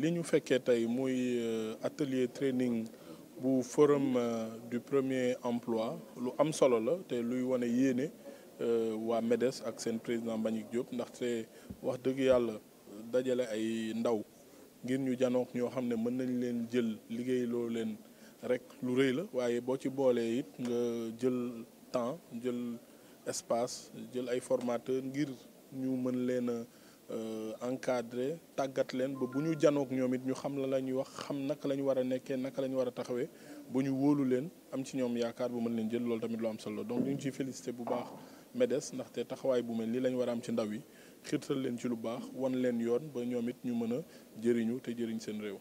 li ñu fekkee tey muy euh, atelier training bu forum euh, du premier emploi lu am solo la te luy wane yéene euh, waa MEDES ak seen président Mbagnick jóg ndaxte wax dëgg yàlla dajale ay ndaw ngir ñu janook ñoo xam ne mën nañ leen jël liggéey loo leen rek lu rëy la waaye boo ci boolee it nga jël temps jël espace jël ay formateurs ngir ñu mën leen a Euh, encadré tàggat leen ba bu ñu janook ñoom it ñu xam la la ñuy wax xam naka la ñu war a nekkee naka la ñu war a taxawee ba ñu wóolu leen am ci ñoom yaakaar bu mën leen jël loolu tamit lu am solo donc ñu ngi ciy félicité bu baax MEDES ndaxte taxawaay bu mel nii lañu ñu war a am ci ndaw yi xiirtal leen ci lu baax wan leen yoon ba ñoom it ñu mën a jëriñu te jëriñ seen réew.